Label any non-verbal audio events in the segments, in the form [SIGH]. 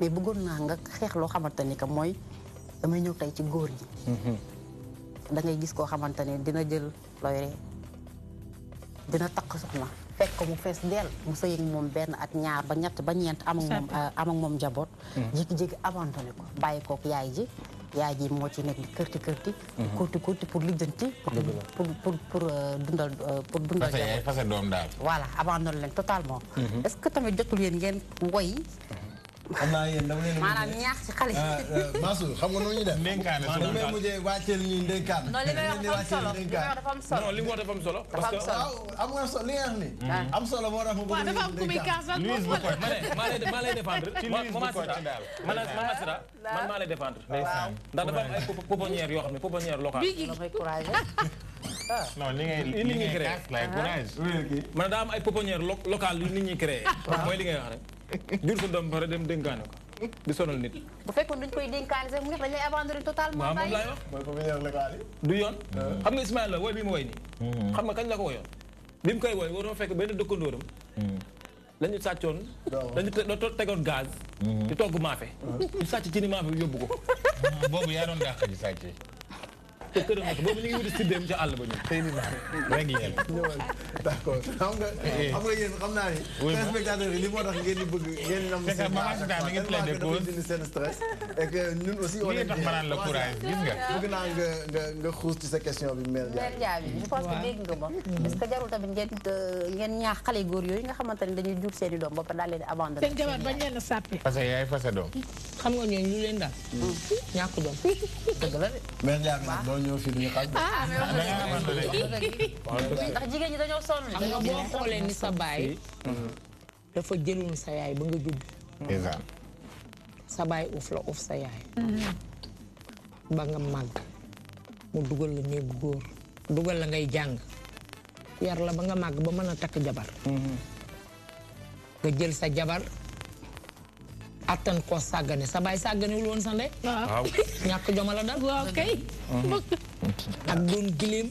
mais bëggoon naa nga xeex loo xamante ni que mooy damay ñëw tey ci góor ñi. Mhm. da ngay gis koo xamante ni dina jël loyre dina takk soxna fekk mu fees dell mu sëy ak moom benn at ñaar ba ñett ba ñeent am euh, moom njaboot mhm. jékki-jékki abandonné ko bàyyi kook yaay ji yaay ji moo ci nekk di kërti kërti mhm. kóoti kóoti pour lijjanti pour pour pour euh, dundal euh, pour dundal parce que doom leen totalement est que tamit jotul yéen ngeen woy xam naa yéen dama leen a. maanaam ñaax ci xale yi. Ah, ah, xam nga nu ñuy def. ndénkaane maanaam daal mujjee wàcceel ñuy ndénkaan. non li nga wax solo li nga wax dafa am solo. parce que am nga solo li nga wax ni. Hmm. am solo moo tax mu bëgg dafa am ku muy kaas nag. Louise bu koy ma ne maa lay lay défendre. ndax dafa ay pouponnière yoo xam ne pouponnière locale. bii [LAUGHS] non li ngay li ngay créé. Ah. man daa am ay pouponnière locale yu nit ñi créé. mooy li ngay wax rek jur sa doom pare dem dénkaane ko di sonal nit. bu fekkoon duñ koy dénkaane sax mu ngi dañ lay abandonné totalement. waaw moom laay wax mooy première légale du yoon mm-hmm. xam nga Ismaïla la woy bi mu woy nii. Mm-hmm. xam nga kañ la ko woyoon. bi mu koy woy waroo fekk benn dëkkandóoram. Mm-hmm. la ñu sàccoon. dañu tegoon gaz. di togg maafe. ñu sàcc ci ni maafe bi yóbbu ko. [LAUGHS] boobu yaa doon dàq ji sàcc. te këram nag boobu ñu ngi wuti siddeem ca àll ba ñu. tey nii rek ngeen. d'accord xam nga. Eh, eh. xam nga yéen xam naa ni. téléspectateurs yi li moo tax ngeen di bëgg ngeen di. am seen base dafa dindi seen stress. et que ñun aussi on est tax ma naan la courage gis nga. [LAUGHS] bëgg naa nga nga nga xuus ci sa question bi Mère Dia bi. je pense que dégg nga ma. est-ce que jarul tamit ngeen euh, ngeen ñaax xale góor yooyu nga xamante ne dañuy jur seen i doom ba pare daal leen abandonné. seen jabar bañ leen a sàppi. parce que yaay fas a doom. xam nga ñooñu lu leen daal. Hmm. ñàkk doom. [LAUGHS] dëgg la de. nyuruh-nyuruh ndax jigéen ñi dañoo sonn xam nga boo xoolee ni sa baay dafa jëloon sa yaay ba nga judd sa baay uuf la uuf sa yaay ba nga màgg jabar hmm. sa jabar atan ko sagane sa bay sagane woon won sande waaw ñàkk joma la dal waaw kay oh. ak doon giléem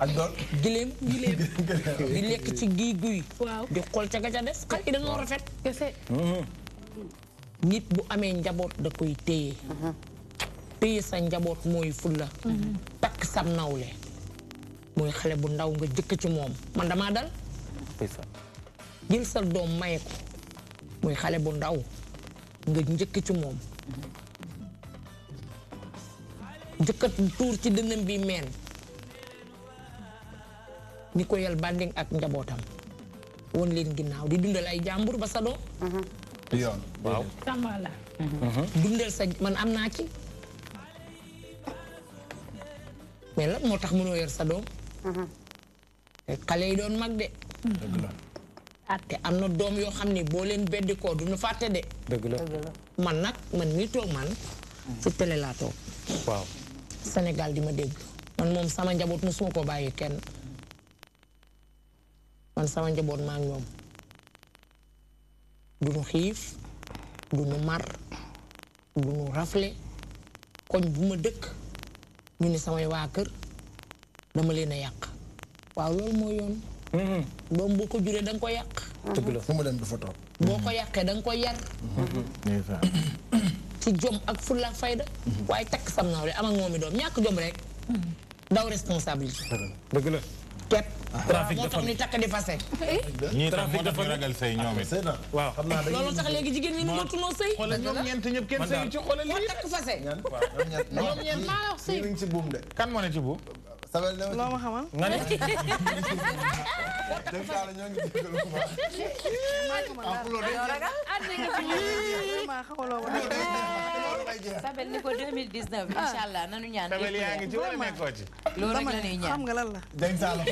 ak doon giléem giléem di lek [LAUGHS] ci gi guuy waaw di xol ca ga ca des xale yi dañoo rafet kesse hmm. nit bu amé njabot da koy téye téye sa njaboot mooy fulla mhm. tak sam nawlé moy xalé bu ndaw nga jëk ci mom man dama dal jël sa dom maye ko muy xale bu ndaw nga njëkk ci moom njëkkat tuur ci dënnam bi meen ni ko yal banding ak njabootam woon leen ginnaaw di dundal ay jàmbur ba sa doom uh-huh. yoon uh-huh. dundal sa man am naa ci mais lan moo tax mënoo yor sa doom uh-huh. xale yi doon mag de te am na doom yoo xam ne boo leen beddi koo du nu fàtte de. dëgg man nag man mii toog man. ci télé laa toog. waaw. di ma dégg man moom sama njaboot mosuma ko bàyyi kenn man sama njaboot maa ñoom du ñu xiif du ñu mar du ñu rafle koñ bu ma dëkk ñu ne samay waa kër dama leen a yàq waaw loolu mooy yoon. doom mm-hmm. boo ko juree da ko yàq. dëgg la fu mu dem du fa toog. boo ko yàqee da ko yar. Mm-hmm. [COUGHS] ci jom ak fulla fayda. Mm-hmm. waaye takk sam naaw rek am moom i doom ñàkk jom rek. daw responsabilité. dëgg la képp. Ah. trafic moo tax ni takk di fase. [LAUGHS] ñii tam moo tax ñu ragal sëy ñoom it. waaw xam naa loolu tax léegi jigéen ñi nu ma tunoo sëy. xoolal ñoom ñeent ñëpp kenn fase. ñoom ñeent maa la wax sëy. ñu ngi ci buum de. kan moo ne ci buum. sabel ne ma xamal. nga ne [LAUGHS] dégg nga ñoo ngi déglu ko ma. ah Pulo de. sabel ni ko 2019 ah. incha loolu rek la ñuy ñaan xam nga lan la. dégg nga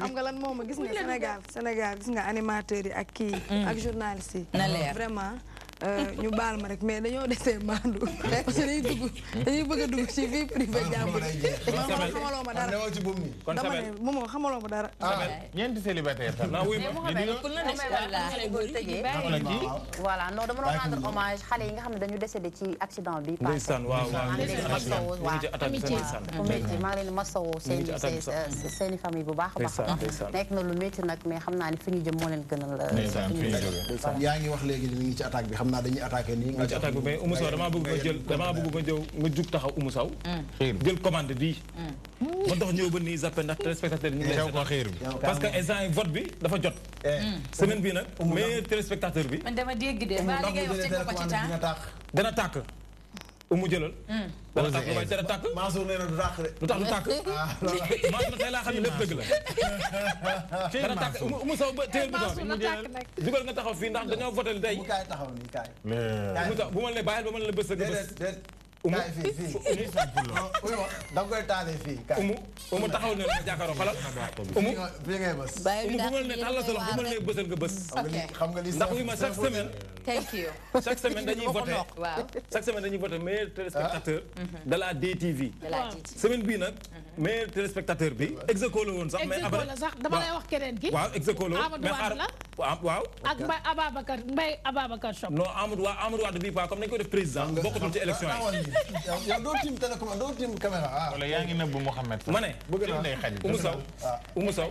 xam nga lan moom gis nga senegal Sénégal gis nga animateurs yi ak kii mm. ak journalistes na leer vraiment. Euh, ñu baal ma rek mais dañoo desee maandu parce que dañuy dugg dañuy bëgg a dugg ci vie privée jàmbur xamaloo ma dara kon dama ne moom xamaloo ma dara ah. ñeenti célibataire ah la wuy voilà non dama doon rendre hommage xale yi nga xam ne dañu décédé ci accident bi passé masawo waaw ku métti maa ngi leen di masawo seen seen i famille bu baax a baax nekk na lu métti nag mais xam naa ne fi ñu jëm moo leen gënal yaa ngi wax léegi ñu ngi ci attaque bi naa dañuy attaqué lii. nga attaqué mais Oumou Sow damaa bëgg nga jël damaa bëgg nga jëw nga jug taxaw Oumou Sow. Mm. jël commande bii. ma mm. dox ñëw ba nii zappé ndax téléspectateur ñu ngi lay. parce que instant vote bi dafa jot. Eh. Mm. semaine bii nag. mais téléspectateur bi. man dama dégg de. dana tàkk umu jëlal. Hmm. dana tàkk lu may tere tàkk. Mansour nee na du tàkk de. lu tax du tàkk. Ah, [LAUGHS] Mansour tey laa xam ne lépp dëgg la. dana tàkk umu saw ba téyel bouton bi. dugal nga taxaw fii ndax dañoo voté tey. bu kaay taxaw nii kaay. bu ma la bàyyil ba ma la bës ak bës. umu da nga koy taale fii umu umu taxaw na jàkkaaroo xolal umu umu bugal ne tàllal sa loxo bugal ne bësal nga bës xam nga li ndax wi ma chaque semaine thank you chaque semaine dañuy voté chaque semaine dañuy voté meilleur téléspectateur ah. de la DTV semaine bii nag meilleur téléspectateur bi execo la woon sax mais abara dama lay wax keneen gi waaw execo la mais xaar waaw. ak Mbaye Ababacar Mbaye Ababacar Sow. non Amadou waa Amadou Wade bii comme nañu ko def président bokkatul ci élection yi. Ah, yow doo tiim télécommande doo tiim caméra. Ah. wala yaa ngi nëbbu Mouhamed. ma ne. bëgg naa Oumou Sow Oumou Sow.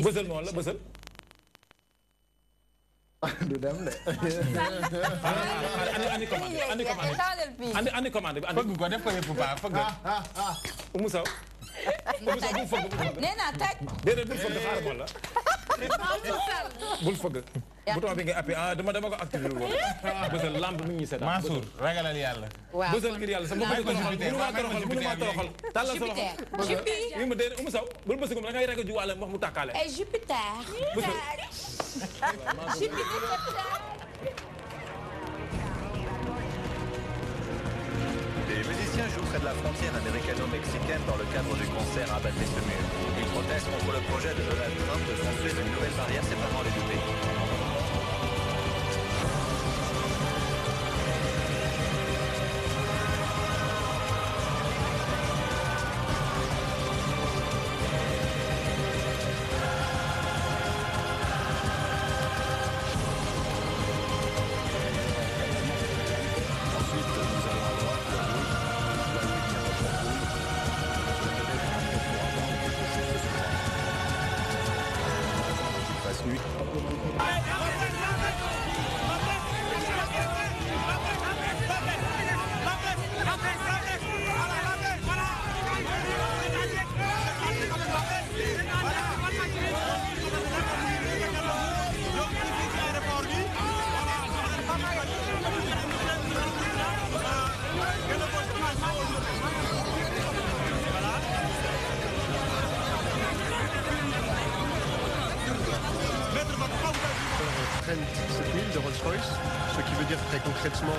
bësal noonu la bësal. [LAUGHS] du dem de. andi commande andi commande andi andi commande bi andi. fëgg ko def ko yëpp baax fëgg. Oumou Sow. Oumou Sow bu fëgg. nee naa tëj. déedéet bu fëgg xaaral la. bu [LAUGHS] bul fëgg bouton bi nga appuyé ah dama dama ko activé woon [LAUGHS] bësal lamp mi ngi seetaan Mansour ragalal yàlla bësal ngir yàlla sax ma bëgg toroxal sa loxo mi ma dee umu saw bul bësi da ngay ragal ju wàlla wax mu tàkkaale eh, Jupiter [LAUGHS] Un jour près de la frontière américano-mexicaine dans le cadre du concert à ce mur. Ils protestent contre le projet de Donald Trump de construire une nouvelle barrière séparant les deux pays. ce qui veut dire très concrètement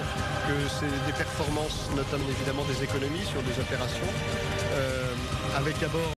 que c'est des performances, notamment évidemment des économies sur des opérations, euh, avec d'abord